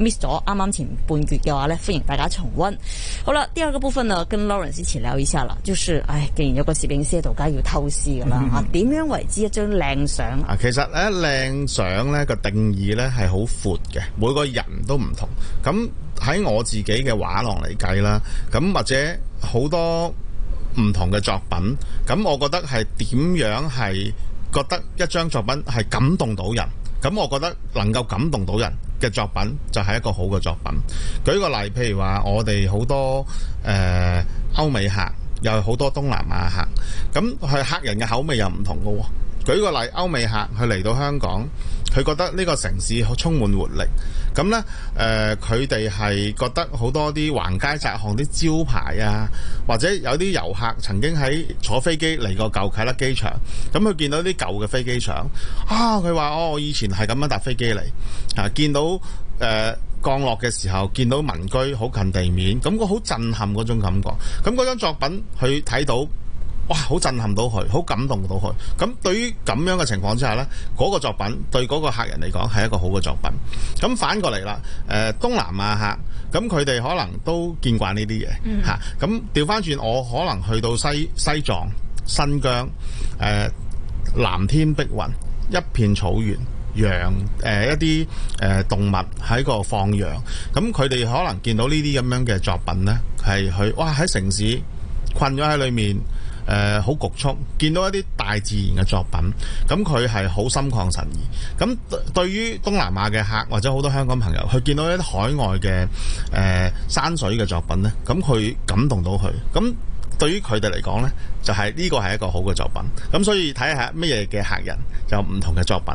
miss 咗啱啱前半段嘅話呢，歡迎大家重温。好了，第二個部分呢，跟 Laurence 一起聊一下啦。就是，唉、哎，既然有個攝影師喺度梗要偷師噶啦，嗯、啊，點樣為之一張靚相啊？其實呢，靚相呢個定義呢係好闊嘅，每個人都唔同。咁喺我自己嘅畫廊嚟計啦，咁或者好多唔同嘅作品，咁我覺得係點樣係覺得一張作品係感動到人？咁我覺得能夠感動到人，嘅作品就係一個好嘅作品。舉個例，譬如話我哋好多誒歐美客，又好多東南亞客，咁佢客人嘅口味又唔同嘅喎、哦。舉個例，歐美客佢嚟到香港，佢覺得呢個城市好充滿活力。咁呢，誒佢哋係覺得好多啲橫街窄巷啲招牌啊，或者有啲遊客曾經喺坐飛機嚟過舊啟德機場，咁佢見到啲舊嘅飛機場，啊佢話：哦，我以前係咁樣搭飛機嚟啊，見到誒、呃、降落嘅時候，見到民居好近地面，咁個好震撼嗰種感覺。咁嗰張作品佢睇到。哇！好震撼到佢，好感動到佢。咁對於咁樣嘅情況之下呢，嗰、嗰個作品對嗰個客人嚟講係一個好嘅作品。咁反過嚟啦，誒、呃、東南亞客，咁佢哋可能都見慣呢啲嘢嚇。咁調翻轉，我可能去到西西藏、新疆，誒、呃、藍天碧雲，一片草原，羊誒、呃、一啲誒、呃、動物喺個放羊。咁佢哋可能見到呢啲咁樣嘅作品呢，係去哇喺城市困咗喺裏面，誒好、呃、局促，見到一啲大自然嘅作品，咁佢係好心曠神怡。咁、嗯、對於東南亞嘅客或者好多香港朋友，佢見到一啲海外嘅誒、呃、山水嘅作品咧，咁、嗯、佢感動到佢。咁、嗯、對於佢哋嚟講呢就係、是、呢、呢個係一個好嘅作品。咁、嗯、所以睇下咩嘢嘅客人有唔同嘅作品。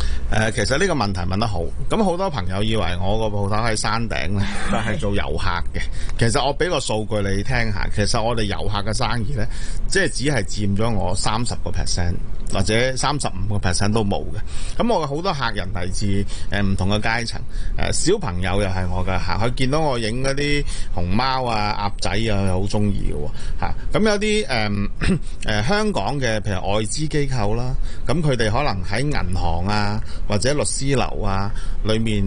誒、呃，其實呢個問題問得好。咁、嗯、好多朋友以為我個鋪頭喺山頂咧，係 做遊客嘅。其實我俾個數據你聽下，其實我哋遊客嘅生意呢，即係只係佔咗我三十個 percent，或者三十五個 percent 都冇嘅。咁、嗯、我好多客人嚟自誒唔同嘅階層，誒、呃、小朋友又係我嘅客，佢見到我影嗰啲熊貓啊、鴨仔啊，好中意嘅喎嚇。咁有啲誒誒香港嘅譬如外資機構啦，咁佢哋可能喺銀行啊。或者律師樓啊，裏面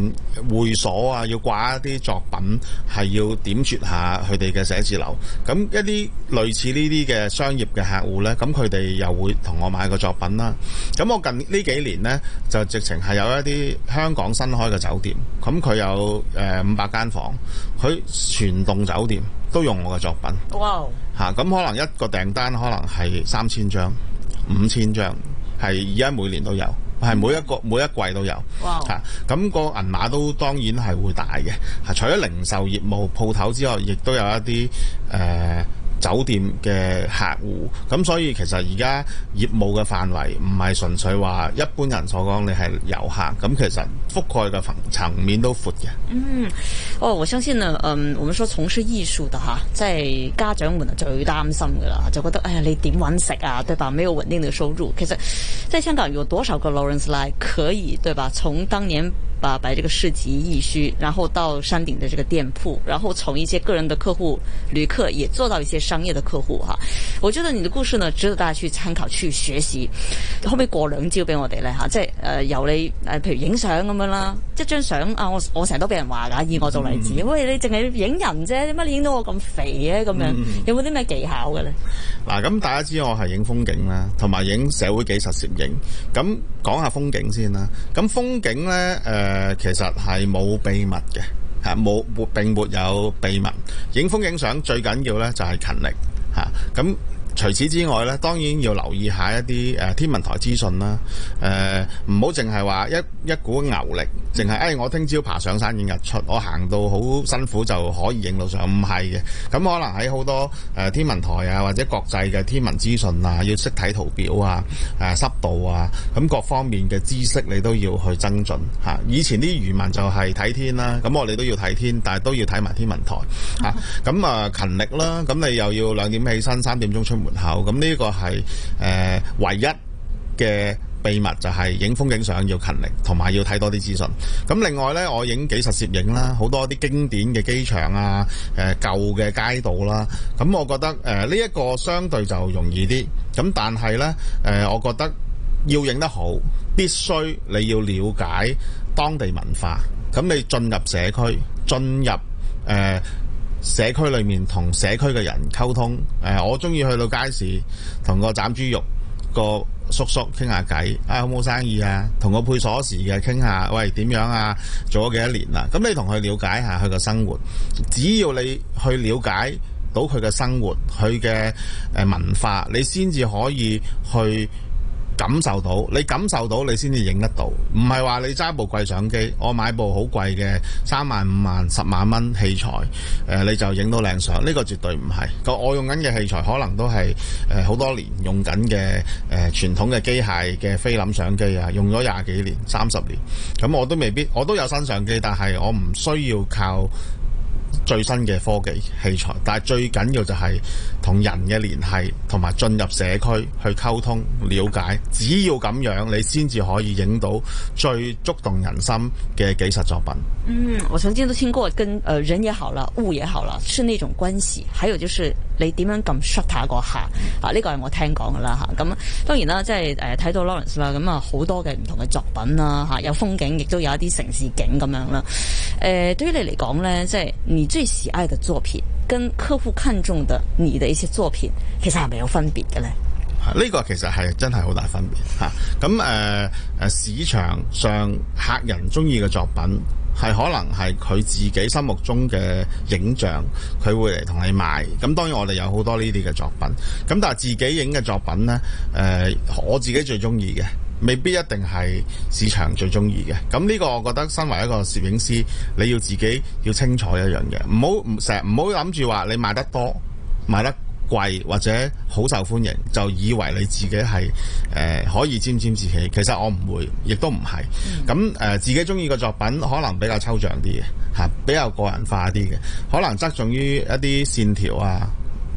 會所啊，要掛一啲作品，係要點綴下佢哋嘅寫字樓。咁一啲類似呢啲嘅商業嘅客戶呢，咁佢哋又會同我買個作品啦。咁我近呢幾年呢，就直情係有一啲香港新開嘅酒店，咁佢有誒五百間房，佢全棟酒店都用我嘅作品。哇 Wow.、啊！嚇，咁可能一個訂單可能係三千張、五千張，係而家每年都有。係每一個，每一季都有，吓咁，哇、啊，那個銀碼都當然係會大嘅。吓、啊。除咗零售業務鋪頭之外，亦都有一啲誒。呃酒店嘅客戶咁，所以其實而家業務嘅範圍唔係純粹話一般人所講你係遊客咁，其實覆蓋嘅層層面都闊嘅。嗯，哦，我相信啊，嗯，我們說從事藝術嘅嚇，即、啊、係家長們啊最擔心噶啦，就覺得哎呀你點搵食啊？對吧？沒有穩定嘅收入。其實在香港有多少個 Laurence Lai 可以對吧？從當年。 擺喺這個市集易墟，然後到山頂的這個店鋪，然後從一些個人的客戶旅客，也做到一些商業的客戶哈。我覺得你的故事呢，值得大家去參考去學習。可唔可以過兩招俾我哋咧吓？即係誒、呃，由你誒，譬如影相咁樣啦，一張相啊，我我成日都俾人話噶，以我做例子，mm. 喂，你淨係影人啫，你乜影到我咁肥嘅咁樣？Mm. 有冇啲咩技巧嘅咧？嗱、啊，咁大家知我係影風景啦，同埋影社會紀實攝影。咁講下風景先啦。咁風景咧誒。呃誒、呃，其實係冇秘密嘅，吓、啊、冇，並沒有秘密。影風影相最緊要呢就係、是、勤力，吓、啊、咁除此之外呢，當然要留意一下一啲誒、呃、天文台資訊啦。誒、啊，唔好淨係話一一股牛力。淨係誒，我聽朝爬上山影日出，我行到好辛苦就可以影到相，唔係嘅。咁、嗯、可能喺好多誒、呃、天文台啊，或者國際嘅天文資訊啊，要識睇圖表啊，誒、呃、濕度啊，咁、嗯、各方面嘅知識你都要去增進嚇、啊。以前啲漁民就係睇天啦、啊，咁、嗯、我哋都要睇天，但係都要睇埋天文台嚇。咁啊、嗯、啊勤力啦，咁、嗯、你又要兩點起身，三點鐘出門口，咁、嗯、呢、這個係誒、呃、唯一嘅。秘密就係影風景相要勤力，同埋要睇多啲資訊。咁另外呢，我影紀實攝影啦，好多啲經典嘅機場啊，誒舊嘅街道啦。咁我覺得誒呢一個相對就容易啲。咁但係呢誒，我覺得要影得好，必須你要了解當地文化。咁你進入社區，進入誒社區裏面同社區嘅人溝通。誒，我中意去到街市同個斬豬肉個叔叔傾下偈，啊、哎、好冇生意啊？同個配鎖匙嘅、啊、傾下，喂點樣啊？做咗幾多年啦、啊？咁你同佢了解下佢個生活，只要你去了解到佢嘅生活、佢嘅誒文化，你先至可以去。感受到，你感受到你先至影得到，唔係話你揸部貴相機，我買部好貴嘅三萬五萬十萬蚊器材，誒、呃、你就影到靚相，呢個絕對唔係。個我用緊嘅器材可能都係誒好多年用緊嘅誒傳統嘅機械嘅菲林相機啊，用咗廿幾年、三十年，咁我都未必，我都有新相機，但係我唔需要靠。最新嘅科技器材，但係最緊要就係同人嘅聯繫，同埋進入社區去溝通了解，只要咁樣，你先至可以影到最觸動人心嘅紀實作品。嗯，我曾經都聽過，跟誒、呃、人也好啦，物也好啦，是那種關係，還有就是。你點樣撳 shut 下個客啊？呢個係我聽講噶啦嚇。咁、啊、當然啦，即係誒睇到 Lawrence 啦，咁啊好多嘅唔同嘅作品啦嚇、啊，有風景，亦都有一啲城市景咁樣啦。誒、啊呃，對於你嚟講咧，即係你最喜愛嘅作品，跟客戶看中的你的一些作品，其實係咪有分別嘅咧？呢個其實係真係好大分別嚇。咁誒誒，市場上客人中意嘅作品，係可能係佢自己心目中嘅影像，佢會嚟同你賣。咁當然我哋有好多呢啲嘅作品。咁但係自己影嘅作品呢，誒、呃、我自己最中意嘅，未必一定係市場最中意嘅。咁呢個我覺得身為一個攝影師，你要自己要清楚一樣嘢，唔好成日唔好諗住話你賣得多賣得貴或者好受歡迎，就以為你自己係誒、呃、可以沾沾自喜。其實我唔會，亦都唔係。咁、嗯、誒、嗯呃，自己中意嘅作品可能比較抽象啲嘅嚇，比較個人化啲嘅，可能側重於一啲線條啊、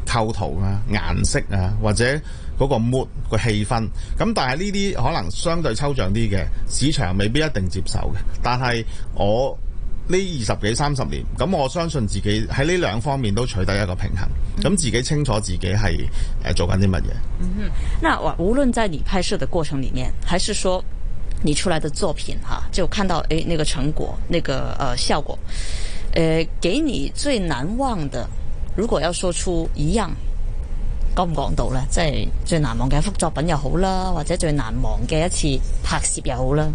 構圖啊、顏色啊，或者嗰個 mood 個氣氛。咁、嗯、但係呢啲可能相對抽象啲嘅市場未必一定接受嘅。但係我。呢二十幾三十年，咁我相信自己喺呢兩方面都取得一個平衡，咁自己清楚自己係誒做緊啲乜嘢。嗯哼，嗱，無論在你拍攝嘅過程裏面，還是說你出來的作品，哈、啊，就看到誒那個成果，那個誒、呃、效果，誒、呃，給你最難忘的，如果要說出一樣，講唔講到咧？即係最難忘嘅一幅作品又好啦，或者最難忘嘅一次拍攝又好啦。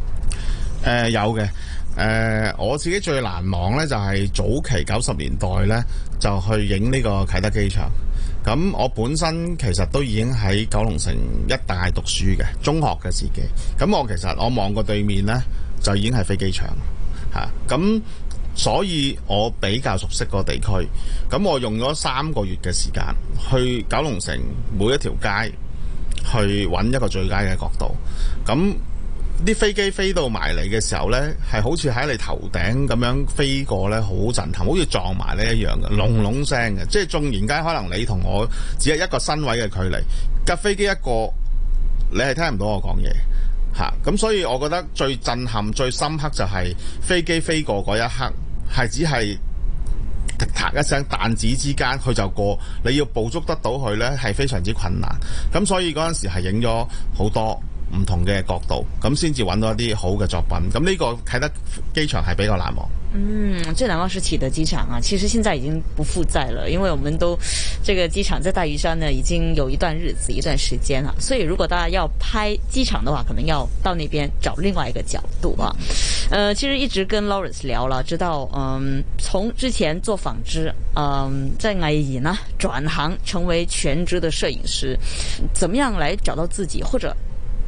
誒、呃，有嘅。誒我自己最難忘呢，就係早期九十年代呢，就去影呢個啟德機場。咁我本身其實都已經喺九龍城一帶讀書嘅，中學嘅時期。咁我其實我望過對面呢，就已經係飛機場嚇。咁所以我比較熟悉個地區。咁我用咗三個月嘅時間，去九龍城每一條街去揾一個最佳嘅角度。咁啲飛機飛到埋嚟嘅時候呢，係好似喺你頭頂咁樣飛過呢。好震撼，好似撞埋咧一樣嘅、mm hmm. 隆隆聲嘅。即係中然間，可能你同我只係一個身位嘅距離，架飛機一個，你係聽唔到我講嘢嚇。咁所以，我覺得最震撼、最深刻就係、是、飛機飛過嗰一刻，係只係滴嗒一聲彈指之間，佢就過。你要捕捉得到佢呢，係非常之困難。咁所以嗰陣時係影咗好多。唔同嘅角度，咁先至揾到一啲好嘅作品。咁呢個啟德機場係比較難忘。嗯，最難忘是啟德機場啊。其實現在已經不負債了，因為我們都，這個機場在大嶼山呢，已經有一段日子，一段時間啦。所以如果大家要拍機場的話，可能要到那邊找另外一個角度啊。呃，其實一直跟 Laurence 聊啦，知道，嗯，從之前做紡織，嗯，在埃及呢轉行成為全職的攝影師，怎麼樣來找到自己或者？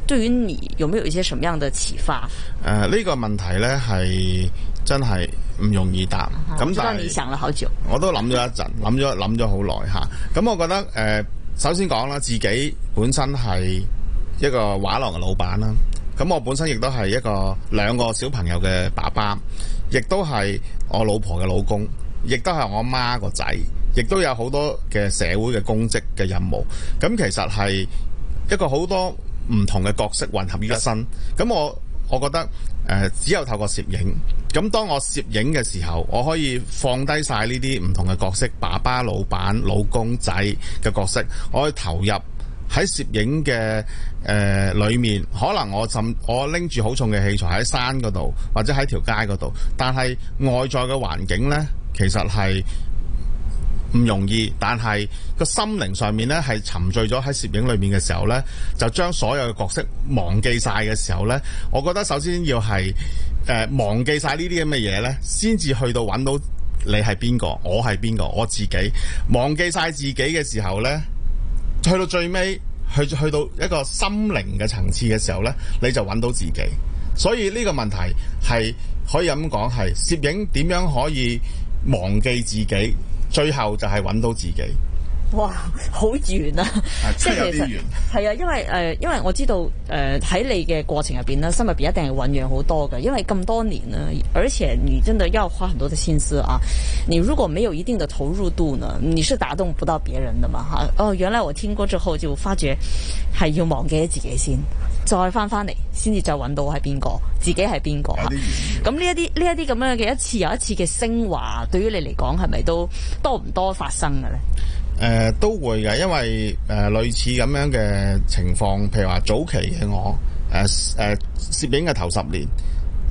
對於你有沒有一些什麼樣的啟發？誒、呃，呢、這個問題呢係真係唔容易答。咁、啊、哈但就你想了好久，我都諗咗一陣，諗咗諗咗好耐吓。咁、嗯嗯嗯、我覺得誒、呃，首先講啦，自己本身係一個畫廊嘅老板啦。咁、嗯、我本身亦都係一個兩個小朋友嘅爸爸，亦都係我老婆嘅老公，亦都係我媽個仔，亦都有好多嘅社會嘅公職嘅任務。咁、嗯嗯、其實係一個好多。唔同嘅角色混合於一身，咁我我覺得誒、呃、只有透過攝影，咁當我攝影嘅時候，我可以放低晒呢啲唔同嘅角色，爸爸、老闆、老公仔嘅角色，我可以投入喺攝影嘅誒裏面。可能我甚我拎住好重嘅器材喺山嗰度，或者喺條街嗰度，但係外在嘅環境呢，其實係，唔容易，但係個心靈上面咧，係沉醉咗喺攝影裏面嘅時候咧，就將所有嘅角色忘記晒嘅時候咧，我覺得首先要係誒、呃、忘記晒呢啲咁嘅嘢咧，先至去到揾到你係邊個，我係邊個，我自己忘記晒自己嘅時候咧，去到最尾去去到一個心靈嘅層次嘅時候咧，你就揾到自己。所以呢個問題係可以咁講，係攝影點樣可以忘記自己？最後就係揾到自己。哇，好遠啊！啊遠即係其實係、嗯、啊，因為誒、呃，因為我知道誒喺、呃、你嘅過程入邊咧，心入邊一定係醖釀好多嘅。因為咁多年咧，而且你真的要花很多的心思啊。你如果沒有一定的投入度呢，你是打動不到別人的嘛？哈、啊、哦，原來我聽過之後就發覺係要忘記自己先，再翻翻嚟先至再揾到我係邊個，自己係邊個。咁呢一啲呢一啲咁樣嘅一次又一次嘅升華，對於你嚟講係咪都多唔多發生嘅呢？誒、呃、都會嘅，因為誒、呃、類似咁樣嘅情況，譬如話早期嘅我，誒誒攝影嘅頭十年，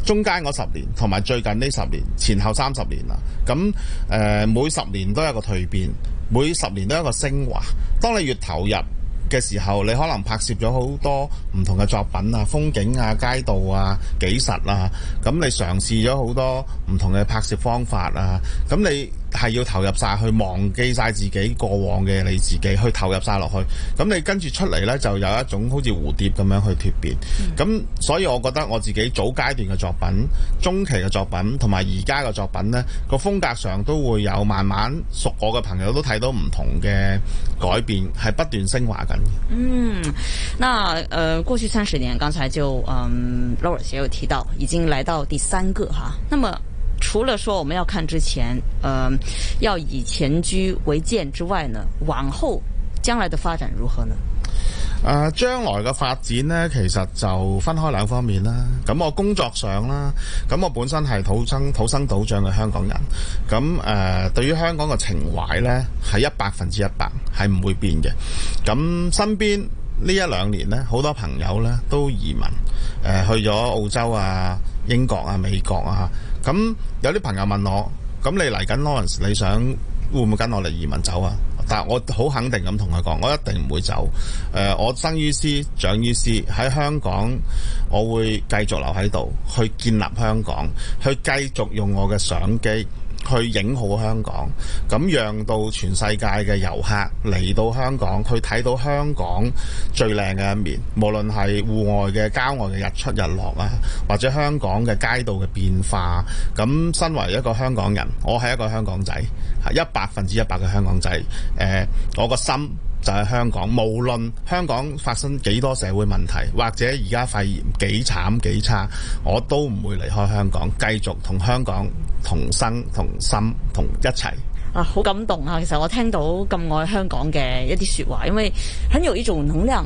中間嗰十年，同埋最近呢十年，前後三十年啦。咁、嗯、誒、呃、每十年都有個蛻變，每十年都有個升華。當你越投入嘅時候，你可能拍攝咗好多唔同嘅作品啊，風景啊、街道啊、紀實啊，咁你嘗試咗好多唔同嘅拍攝方法啊，咁、嗯、你。係要投入晒去，忘記晒自己過往嘅你自己，去投入晒落去。咁你跟住出嚟呢，就有一種好似蝴蝶咁樣去蛻變。咁、嗯、所以我覺得我自己早階段嘅作品、中期嘅作品同埋而家嘅作品呢，個風格上都會有慢慢，熟我嘅朋友都睇到唔同嘅改變，係不斷升華緊。嗯，那、呃、過去三十年，剛才就誒 Laurence 有提到已經來到第三個哈，那麼。除了說我們要看之前，嗯、呃，要以前居為鑒之外呢，往後將來的發展如何呢？啊、呃，將來嘅發展呢，其實就分開兩方面啦。咁、嗯、我工作上啦，咁、嗯、我本身係土生土生土長嘅香港人，咁、嗯、誒、呃，對於香港嘅情懷呢，係一百分之一百係唔會變嘅。咁、嗯、身邊呢，一兩年呢，好多朋友呢都移民、呃、去咗澳洲啊、英國啊、美國啊。咁有啲朋友問我，咁你嚟緊 Laurence，你想會唔會跟我嚟移民走啊？但係我好肯定咁同佢講，我一定唔會走。誒、呃，我生於斯，長於斯，喺香港，我會繼續留喺度，去建立香港，去繼續用我嘅相機。去影好香港，咁讓到全世界嘅遊客嚟到香港，去睇到香港最靚嘅一面。無論係戶外嘅郊外嘅日出日落啊，或者香港嘅街道嘅變化。咁身為一個香港人，我係一個香港仔，係一百分之一百嘅香港仔。誒、呃，我個心，就喺香港，無論香港發生幾多社會問題，或者而家肺炎幾慘幾差，我都唔會離開香港，繼續同香港同生同心同一齊。啊，好感動啊！其實我聽到咁愛香港嘅一啲説話，因為很有一種能量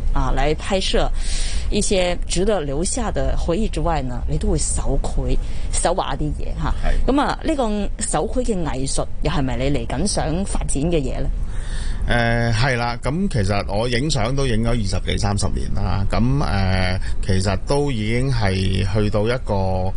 啊，嚟拍攝一些值得留下的回憶之外呢，你都會手繪手畫啲嘢吓。咁啊，呢是的、啊呢個手繪嘅藝術又係咪你嚟緊想發展嘅嘢呢？誒、呃，係啦。咁、嗯、其實我影相都影咗二十幾三十年啦。咁、嗯、誒、呃，其實都已經係去到一個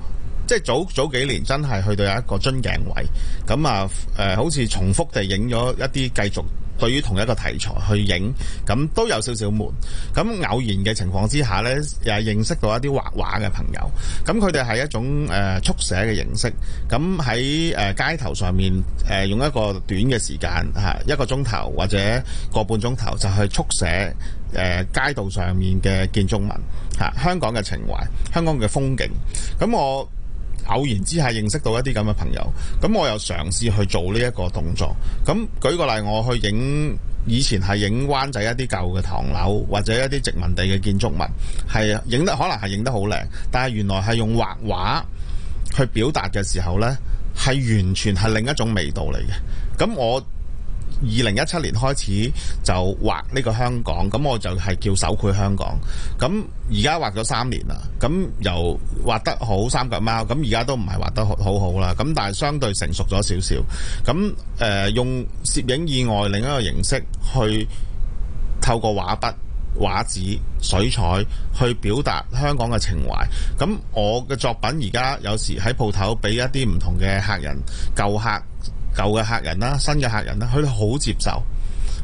即係早早幾年真係去到有一個樽頸位。咁、嗯、啊，誒、嗯嗯嗯，好似重複地影咗一啲繼續。對於同一個題材去影，咁都有少少悶。咁偶然嘅情況之下呢，又認識到一啲畫畫嘅朋友，咁佢哋係一種誒、呃、速寫嘅形式。咁喺誒街頭上面，誒、呃、用一個短嘅時間，嚇一個鐘頭或者個半鐘頭，就去速寫誒、呃、街道上面嘅建築物，嚇香港嘅情懷、香港嘅風景。咁我。偶然之下認識到一啲咁嘅朋友，咁我又嘗試去做呢一個動作。咁舉個例，我去影以前係影灣仔一啲舊嘅唐樓或者一啲殖民地嘅建築物，係影得可能係影得好靚，但係原來係用畫畫去表達嘅時候呢，係完全係另一種味道嚟嘅。咁我。二零一七年開始就畫呢個香港，咁我就係叫手繪香港。咁而家畫咗三年啦，咁又畫得好三腳貓，咁而家都唔係畫得好好啦。咁但係相對成熟咗少少。咁誒、呃、用攝影以外另一個形式去透過畫筆、畫紙、水彩去表達香港嘅情懷。咁我嘅作品而家有時喺鋪頭俾一啲唔同嘅客人、舊客。舊嘅客人啦，新嘅客人啦，佢哋好接受。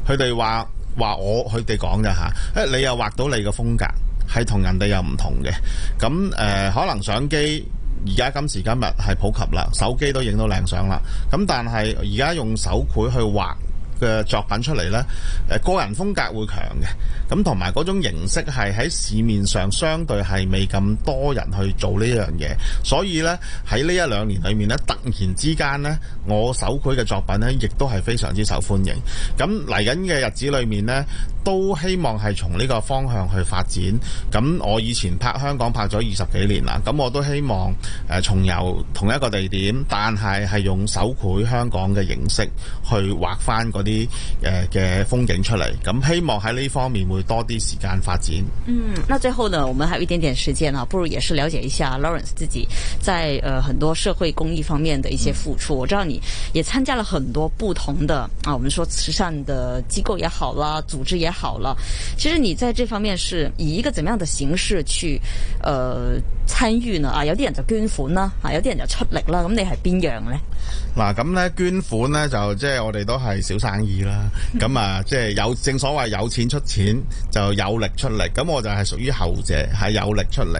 佢哋話：話我佢哋講嘅吓，誒你又畫到你嘅風格，係同人哋又唔同嘅。咁誒、呃，可能相機而家今時今日係普及啦，手機都影到靚相啦。咁但係而家用手繪去畫。嘅作品出嚟呢，誒個人風格會強嘅，咁同埋嗰種形式係喺市面上相對係未咁多人去做呢樣嘢，所以呢，喺呢一兩年裏面呢，突然之間呢，我手繪嘅作品呢，亦都係非常之受歡迎。咁嚟緊嘅日子裏面呢。都希望係從呢個方向去發展。咁我以前拍香港拍咗二十幾年啦，咁我都希望誒重遊同一個地點，但係係用手繪香港嘅形式去畫翻啲誒嘅風景出嚟。咁希望喺呢方面會多啲時間發展。嗯，那最後呢，我們還有一點點時間啊，不如也是了解一下 Laurence 自己在誒、呃、很多社會公益方面的一些付出。嗯、我知道你也參加了很多不同的啊，我們說慈善的機構也好啦、啊，組織也好。好啦，其實你在這方面是以一個怎麼樣的形式去，誒、呃、參與呢？啊，有啲人就捐款啦，啊有啲人就出力啦，咁你係邊樣咧？嗱，咁咧捐款咧就即係我哋都係小生意啦，咁啊 即係有正所謂有錢出錢，就有力出力，咁我就係屬於後者，係有力出力。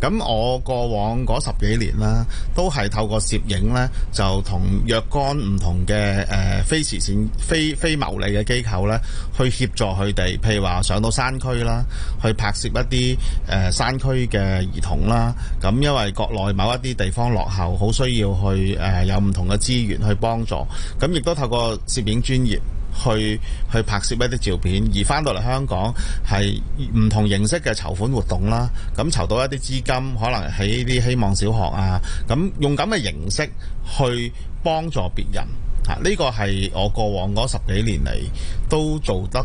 咁我過往嗰十幾年啦，都係透過攝影咧，就同若干唔同嘅誒非慈善、非非牟利嘅機構咧，去協助佢。譬如話上到山區啦，去拍攝一啲誒、呃、山區嘅兒童啦。咁、啊、因為國內某一啲地方落後，好需要去誒、呃、有唔同嘅資源去幫助。咁、啊、亦都透過攝影專業去去拍攝一啲照片，而翻到嚟香港係唔同形式嘅籌款活動啦。咁、啊、籌到一啲資金，可能喺啲希望小學啊，咁、啊、用咁嘅形式去幫助別人啊。呢、這個係我過往嗰十幾年嚟都做得，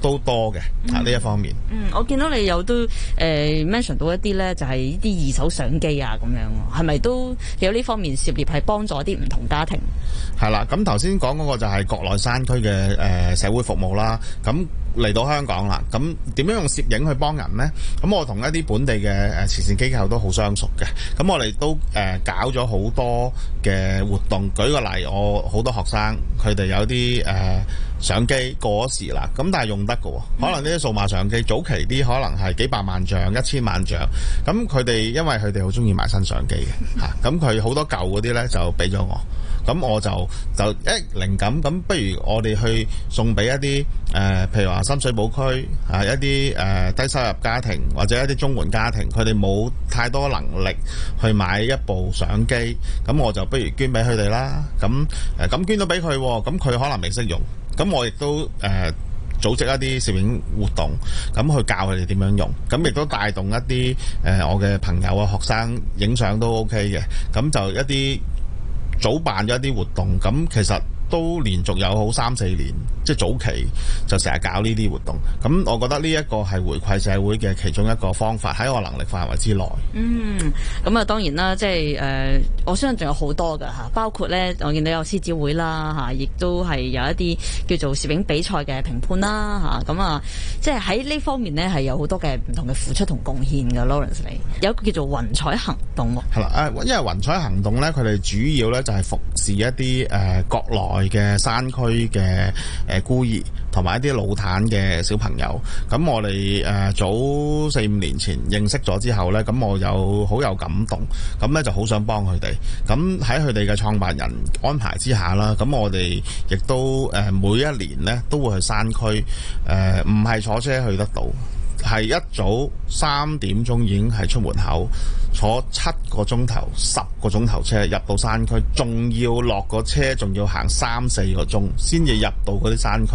都多嘅，啊呢、嗯、一方面。嗯，我見到你有都誒、呃、mention 到一啲咧，就係呢啲二手相機啊咁樣，係咪都有呢方面涉獵，係幫助啲唔同家庭？係啦、嗯，咁頭先講嗰個就係國內山區嘅誒社會服務啦，咁、嗯。嚟到香港啦，咁點樣用攝影去幫人呢？咁我同一啲本地嘅誒慈善機構都好相熟嘅，咁我哋都誒、呃、搞咗好多嘅活動。舉個例，我好多學生佢哋有啲誒、呃、相機，過咗時啦，咁但係用得㗎喎。可能呢啲數碼相機早期啲，可能係幾百萬像、一千萬像，咁佢哋因為佢哋好中意買新相機嘅嚇，咁佢好多舊嗰啲呢就俾咗我。咁我就就一、欸、靈感，咁不如我哋去送俾一啲誒、呃，譬如話深水埗區啊，一啲誒、呃、低收入家庭或者一啲中環家庭，佢哋冇太多能力去買一部相機，咁我就不如捐俾佢哋啦。咁誒，咁、呃、捐到俾佢，咁、啊、佢可能未識用，咁我亦都誒、呃、組織一啲攝影活動，咁、嗯、去教佢哋點樣用，咁、嗯、亦都帶動一啲誒、呃、我嘅朋友啊、學生影相都 OK 嘅，咁、嗯嗯、就一啲。早辦咗一啲活動，咁其實。都連續有好三四年，即係早期就成日搞呢啲活動。咁我覺得呢一個係回饋社會嘅其中一個方法，喺我能力範圍之內。嗯，咁啊當然啦，即係誒、呃，我相信仲有好多噶嚇，包括咧我見到有獅子會啦嚇，亦、啊、都係有一啲叫做攝影比賽嘅評判啦嚇。咁啊，啊，即係喺呢方面咧係有好多嘅唔同嘅付出同貢獻嘅，Laurence 你有一個叫做雲彩行動喎。係啦，誒，因為雲彩行動咧，佢哋主要咧就係服侍一啲誒、呃、國內。內嘅山區嘅誒孤兒同埋一啲老壇嘅小朋友，咁我哋誒早四五年前認識咗之後呢，咁我有好有感動，咁呢就好想幫佢哋。咁喺佢哋嘅創辦人安排之下啦，咁我哋亦都誒每一年呢都會去山區，誒唔係坐車去得到。係一早三點鐘已經係出門口，坐七個鐘頭、十個鐘頭車入到山區，仲要落個車，仲要行三四個鐘先至入到嗰啲山區。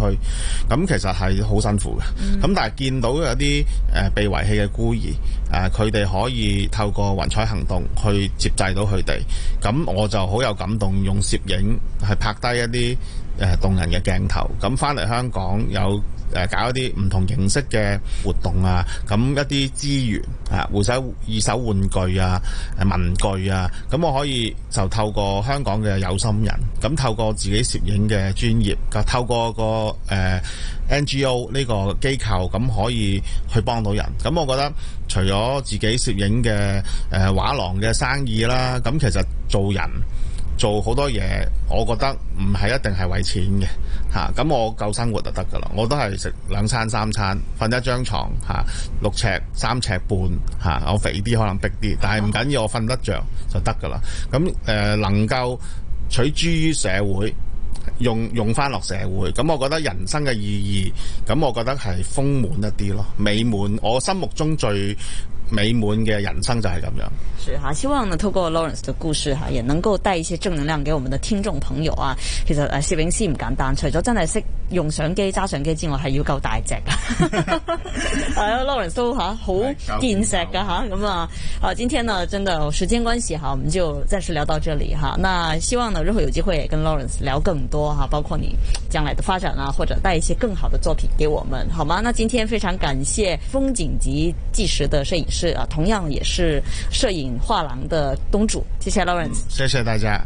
咁其實係好辛苦嘅。咁、嗯、但係見到有啲誒被遺棄嘅孤兒，誒佢哋可以透過雲彩行動去接濟到佢哋。咁我就好有感動，用攝影係拍低一啲誒、呃、動人嘅鏡頭。咁翻嚟香港有。誒搞一啲唔同形式嘅活動啊，咁一啲資源啊，回收二手玩具啊、誒文具啊，咁、啊、我可以就透過香港嘅有心人，咁、啊、透過自己攝影嘅專業，個、啊、透過、那個誒、啊、N G O 呢個機構，咁、啊、可以去幫到人。咁、啊、我覺得除咗自己攝影嘅誒、啊、畫廊嘅生意啦，咁、啊啊、其實做人。做好多嘢，我覺得唔係一定係為錢嘅嚇，咁、啊、我夠生活就得噶啦。我都係食兩餐三餐，瞓一張床，嚇、啊，六尺三尺半嚇、啊，我肥啲可能逼啲，但係唔緊要，我瞓得着就得噶啦。咁、啊、誒、呃、能夠取諸於社會，用用翻落社會，咁、啊、我覺得人生嘅意義，咁、啊、我覺得係豐滿一啲咯，美滿。我心目中最美滿嘅人生就係咁樣。是哈、啊，希望呢，透過 Laurence 嘅故事哈、啊，也能夠帶一些正能量給我們的聽眾朋友啊。其實誒，攝、啊、影師唔簡單，除咗真係識用相機揸相機之外，係要夠大隻噶。係啊，Laurence 都吓好健碩噶吓，咁啊。好啊、嗯啊，今天呢，真的時間關係哈、啊，我們就暫時聊到這裏哈、啊。那希望呢，如果有機會跟 Laurence 聊更多哈、啊，包括你將來的發展啊，或者帶一些更好的作品給我們，好嗎？那今天非常感謝風景及紀實的攝影師。是啊，同樣也是攝影畫廊的東主。謝謝 Laurence，嗯，謝謝大家。